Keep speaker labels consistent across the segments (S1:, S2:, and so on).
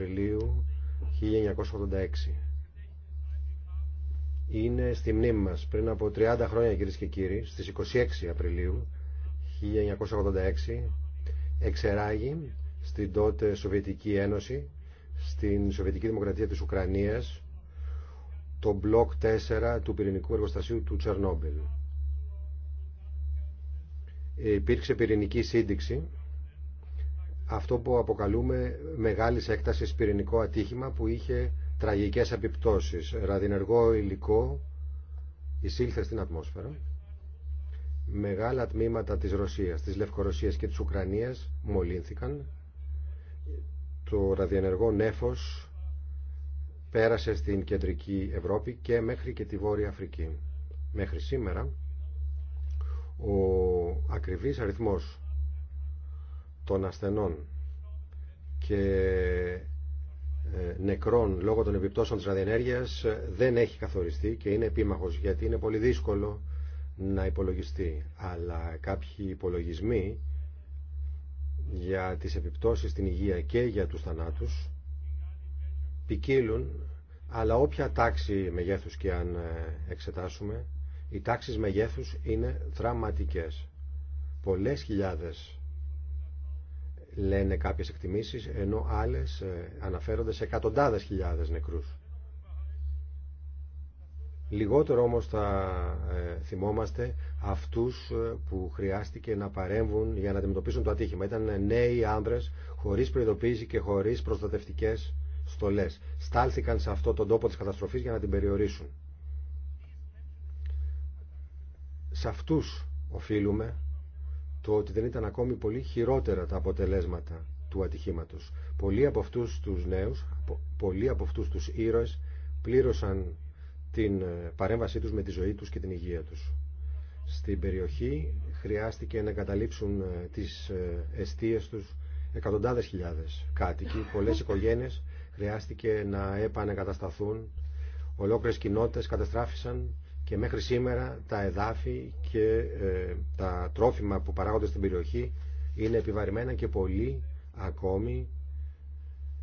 S1: Απριλίου 1986. Είναι στη μνήμη μας πριν από 30 χρόνια κυρίες και κύριοι, στις 26 Απριλίου 1986 εξεράγει στην τότε Σοβιετική Ένωση, στην Σοβιετική Δημοκρατία της Ουκρανίας, το μπλοκ 4 του πυρηνικού εργοστασίου του Τσερνόμπιλ. Ε, υπήρξε πυρηνική σύνδεξη αυτό που αποκαλούμε μεγάλης έκτασης πυρηνικό ατύχημα που είχε τραγικές επιπτώσεις. Ραδινεργό υλικό εισήλθε στην ατμόσφαιρα. Μεγάλα τμήματα της Ρωσίας, της Λευκορωσίας και της Ουκρανίας μολύνθηκαν. Το ραδιενεργό νέφος πέρασε στην κεντρική Ευρώπη και μέχρι και τη Βόρεια Αφρική. Μέχρι σήμερα ο ακριβής αριθμός των ασθενών και ε, νεκρών λόγω των επιπτώσεων της ραδιενέργειας ε, δεν έχει καθοριστεί και είναι επίμαχος γιατί είναι πολύ δύσκολο να υπολογιστεί. Αλλά κάποιοι υπολογισμοί για τις επιπτώσεις στην υγεία και για τους θανάτους ποικίλουν, αλλά όποια τάξη μεγέθους και αν ε, εξετάσουμε, οι τάξεις μεγέθους είναι δραματικές. Πολλές χιλιάδες λένε κάποιες εκτιμήσεις, ενώ άλλες ε, αναφέρονται σε εκατοντάδες χιλιάδες νεκρούς. Λιγότερο όμως θα ε, θυμόμαστε αυτούς ε, που χρειάστηκε να παρέμβουν για να αντιμετωπίσουν το ατύχημα. Ήταν νέοι άνδρες, χωρίς προειδοποίηση και χωρίς προστατευτικές στολές. Στάλθηκαν σε αυτό τον τόπο της καταστροφής για να την περιορίσουν. Σε αυτούς οφείλουμε το ότι δεν ήταν ακόμη πολύ χειρότερα τα αποτελέσματα του ατυχήματος. Πολλοί από αυτούς τους νέους, πολλοί από αυτούς τους ήρωες πλήρωσαν την ε, παρέμβασή τους με τη ζωή τους και την υγεία τους. Στην περιοχή χρειάστηκε να καταλήψουν ε, τις εστίες τους εκατοντάδες χιλιάδες κάτοικοι, πολλές οικογένειες χρειάστηκε να επανεκατασταθούν, ολόκληρες κοινότητες καταστράφησαν και μέχρι σήμερα τα εδάφη και ε, τα τρόφιμα που παράγονται στην περιοχή είναι επιβαρημένα και πολλοί ακόμη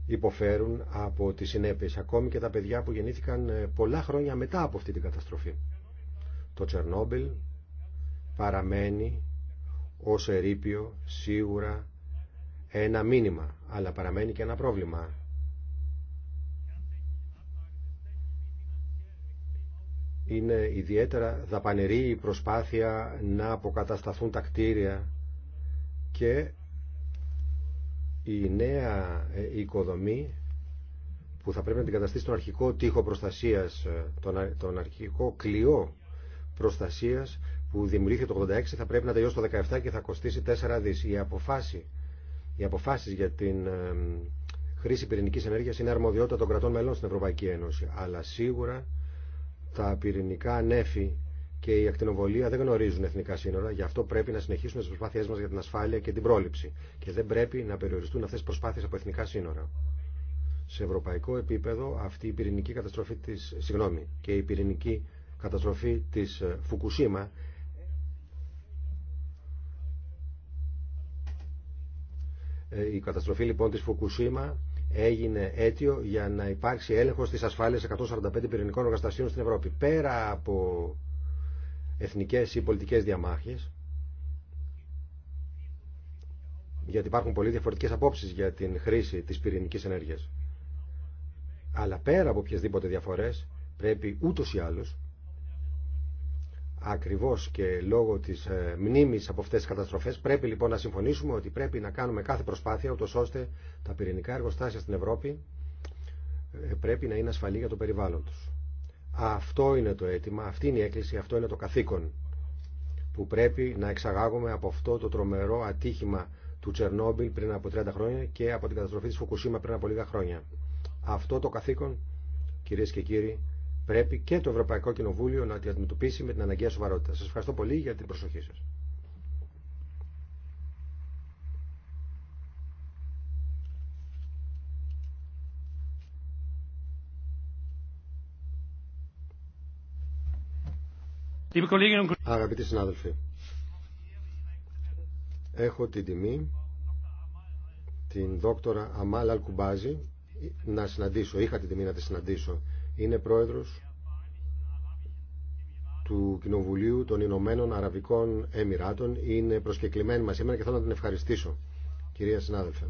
S1: υποφέρουν από τις συνέπειες. Ακόμη και τα παιδιά που γεννήθηκαν ε, πολλά χρόνια μετά από αυτή την καταστροφή. Το Τσερνόμπιλ παραμένει ως ερήπιο σίγουρα ένα μήνυμα, αλλά παραμένει και ένα πρόβλημα. είναι ιδιαίτερα δαπανερή η προσπάθεια να αποκατασταθούν τα κτίρια και η νέα ε, οικοδομή που θα πρέπει να την καταστήσει τον αρχικό τείχο προστασίας, ε, τον, αρχικό κλειό προστασίας που δημιουργήθηκε το 86 θα πρέπει να τελειώσει το 17 και θα κοστίσει 4 δις. Η αποφάση, οι αποφάσεις για την ε, χρήση πυρηνικής ενέργειας είναι αρμοδιότητα των κρατών μελών στην Ευρωπαϊκή Ένωση, αλλά σίγουρα τα πυρηνικά νέφη και η ακτινοβολία δεν γνωρίζουν εθνικά σύνορα, γι' αυτό πρέπει να συνεχίσουμε τι προσπάθειέ μα για την ασφάλεια και την πρόληψη. Και δεν πρέπει να περιοριστούν αυτέ τι προσπάθειε από εθνικά σύνορα. Σε ευρωπαϊκό επίπεδο, αυτή η πυρηνική καταστροφή της, συγγνώμη, και η πυρηνική καταστροφή τη ε, Φουκουσίμα ε, η καταστροφή λοιπόν της Φουκουσίμα έγινε αίτιο για να υπάρξει έλεγχος της ασφάλειας 145 πυρηνικών εργαστασίων στην Ευρώπη. Πέρα από εθνικές ή πολιτικές διαμάχες, γιατί υπάρχουν πολύ διαφορετικές απόψεις για την χρήση της πυρηνικής ενέργειας. Αλλά πέρα από οποιασδήποτε διαφορές, πρέπει ούτως ή άλλως ακριβώς και λόγω της ε, μνήμης από αυτές τις καταστροφές πρέπει λοιπόν να συμφωνήσουμε ότι πρέπει να κάνουμε κάθε προσπάθεια ούτως ώστε τα πυρηνικά εργοστάσια στην Ευρώπη ε, πρέπει να είναι ασφαλή για το περιβάλλον τους. Αυτό είναι το αίτημα, αυτή είναι η έκκληση, αυτό είναι το καθήκον που πρέπει να εξαγάγουμε από αυτό το τρομερό ατύχημα του Τσερνόμπιλ πριν από 30 χρόνια και από την καταστροφή της Φουκουσίμα πριν από λίγα χρόνια. Αυτό το καθήκον, κυρίες και κύριοι, πρέπει και το Ευρωπαϊκό Κοινοβούλιο να τη αντιμετωπίσει με την αναγκαία σοβαρότητα. Σας ευχαριστώ πολύ για την προσοχή σας.
S2: Αγαπητοί συνάδελφοι,
S1: έχω την τιμή την δόκτωρα Αμάλ Αλκουμπάζη να συναντήσω, είχα την τιμή να τη συναντήσω είναι πρόεδρος του Κοινοβουλίου των Ηνωμένων Αραβικών Εμμυράτων. Είναι προσκεκλημένη μας σήμερα και θέλω να την ευχαριστήσω, κυρία συνάδελφε.